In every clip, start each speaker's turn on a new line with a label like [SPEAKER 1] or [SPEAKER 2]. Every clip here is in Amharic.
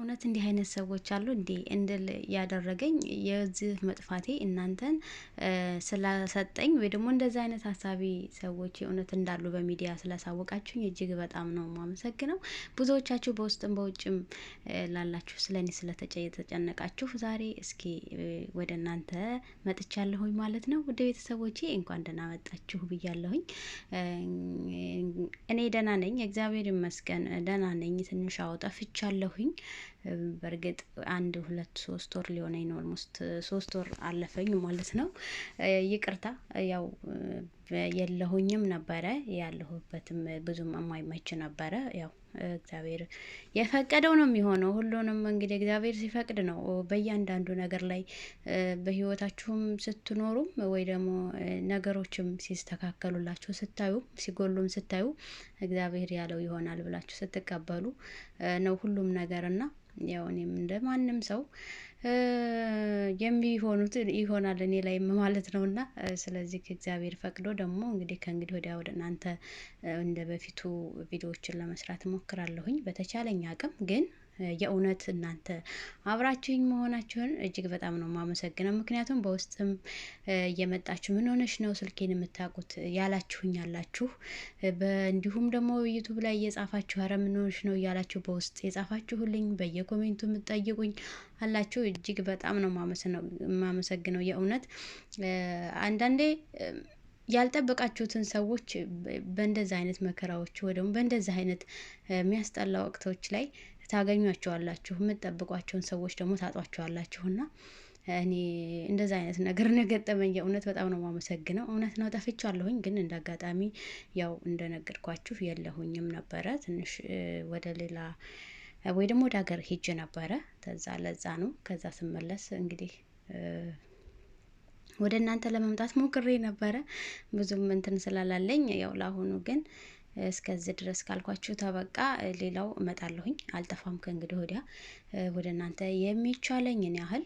[SPEAKER 1] እውነት እንዲህ አይነት ሰዎች አሉ እንዴ እንድል ያደረገኝ የዚህ መጥፋቴ እናንተን ስላሰጠኝ ወይ ደግሞ እንደዚህ አይነት ሀሳቢ ሰዎች እውነት እንዳሉ በሚዲያ ስላሳወቃችሁኝ እጅግ በጣም ነው ማመሰግነው። ብዙዎቻችሁ በውስጥም በውጭም ላላችሁ ስለ እኔ ስለተጨነቃችሁ ዛሬ እስኪ ወደ እናንተ መጥቻለሁኝ ማለት ነው። ውድ ቤተሰቦቼ እንኳን ደህና መጣችሁ ብያለሁኝ። እኔ ደህና ነኝ፣ እግዚአብሔር ይመስገን ደህና ነኝ። ትንሽ አወጣ ፍቻለሁኝ። በእርግጥ አንድ ሁለት ሶስት ወር ሊሆነኝ ነው። ኦልሞስት ሶስት ወር አለፈኝ ማለት ነው። ይቅርታ ያው የለሁኝም ነበረ። ያለሁበትም ብዙም የማይመች ነበረ። ያው እግዚአብሔር የፈቀደው ነው የሚሆነው። ሁሉንም እንግዲህ እግዚአብሔር ሲፈቅድ ነው። በእያንዳንዱ ነገር ላይ በህይወታችሁም ስትኖሩም ወይ ደግሞ ነገሮችም ሲስተካከሉላችሁ ስታዩ፣ ሲጎሉም ስታዩ እግዚአብሔር ያለው ይሆናል ብላችሁ ስትቀበሉ ነው ሁሉም ነገር ያው እኔም እንደ ማንም ሰው የሚሆኑት ይሆናል እኔ ላይም ማለት ነው እና ስለዚህ እግዚአብሔር ፈቅዶ ደግሞ እንግዲህ ከእንግዲህ ወዲያ ወደ እናንተ እንደ በፊቱ ቪዲዮዎችን ለመስራት ሞክራለሁኝ በተቻለኝ አቅም ግን የእውነት እናንተ አብራችሁኝ መሆናችሁን እጅግ በጣም ነው የማመሰግነው። ምክንያቱም በውስጥም እየመጣችሁ ምን ሆነሽ ነው ስልኬን የምታውቁት ያላችሁኝ ያላችሁ፣ እንዲሁም ደግሞ ዩቱብ ላይ እየጻፋችሁ ረ ምን ሆነሽ ነው እያላችሁ በውስጥ የጻፋችሁልኝ፣ በየኮሜንቱ የምትጠይቁኝ አላችሁ። እጅግ በጣም ነው የማመሰግነው የእውነት አንዳንዴ ያልጠበቃችሁትን ሰዎች በእንደዚህ አይነት መከራዎች ወይ ደግሞ በእንደዚህ አይነት የሚያስጠላ ወቅቶች ላይ ታገኟቸዋላችሁ። የምትጠብቋቸውን ሰዎች ደግሞ እና እኔ እንደዚ አይነት ነገር ነገጠመኝ። የገጠመኝ። የእውነት በጣም ነው ማመሰግነው። እውነት ነው ጠፍቻለሁኝ፣ ግን እንደ አጋጣሚ ያው እንደነገርኳችሁ የለሁኝም ነበረ። ትንሽ ወደ ሌላ ወይ ደግሞ ወደ ሀገር ሄጄ ነበረ። ተዛ ለዛ ነው ከዛ ስመለስ እንግዲህ ወደ እናንተ ለመምጣት ሞክሬ ነበረ ብዙም እንትን ስላላለኝ፣ ያው ለአሁኑ ግን እስከዚህ ድረስ ካልኳችሁ ተበቃ። ሌላው እመጣለሁኝ፣ አልጠፋም። ከእንግዲህ ወዲያ ወደ እናንተ የሚቻለኝን ያህል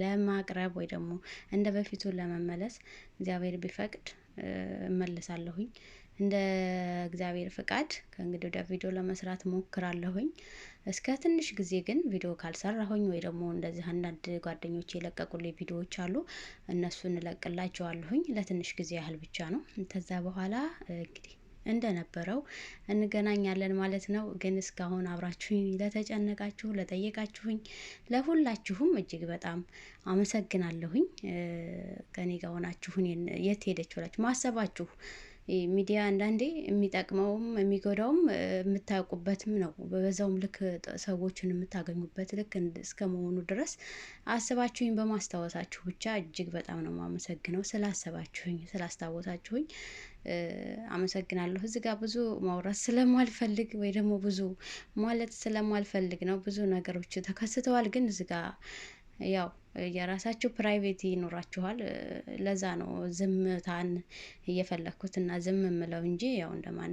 [SPEAKER 1] ለማቅረብ ወይ ደግሞ እንደ በፊቱ ለመመለስ እግዚአብሔር ቢፈቅድ እመልሳለሁኝ። እንደ እግዚአብሔር ፍቃድ ከእንግዲህ ወደ ቪዲዮ ለመስራት ሞክራለሁኝ። እስከ ትንሽ ጊዜ ግን ቪዲዮ ካልሰራሁኝ ወይ ደግሞ እንደዚህ አንዳንድ ጓደኞች የለቀቁልኝ ቪዲዮዎች አሉ። እነሱን እለቅላቸዋለሁኝ ለትንሽ ጊዜ ያህል ብቻ ነው። ከዛ በኋላ እንግዲህ እንደነበረው እንገናኛለን ማለት ነው። ግን እስካሁን አብራችሁኝ ለተጨነቃችሁ፣ ለጠየቃችሁኝ ለሁላችሁም እጅግ በጣም አመሰግናለሁኝ። ከኔ ጋር ሆናችሁን የት ሄደች ብላችሁ ማሰባችሁ ሚዲያ አንዳንዴ የሚጠቅመውም የሚጎዳውም የምታውቁበትም ነው። በዛውም ልክ ሰዎችን የምታገኙበት ልክ መሆኑ ድረስ አስባችሁኝ በማስታወሳችሁ ብቻ እጅግ በጣም ነው የማመሰግነው። ስላሰባችሁኝ ስላስታወሳችሁኝ አመሰግናለሁ። እዚህ ጋር ብዙ ማውራት ስለማልፈልግ ወይ ደግሞ ብዙ ማለት ስለማልፈልግ ነው። ብዙ ነገሮች ተከስተዋል፣ ግን እዚህ ጋር ያው የራሳችሁ ፕራይቬት ይኖራችኋል። ለዛ ነው ዝምታን እየፈለግኩት እና ዝም ምለው እንጂ ያው እንደማን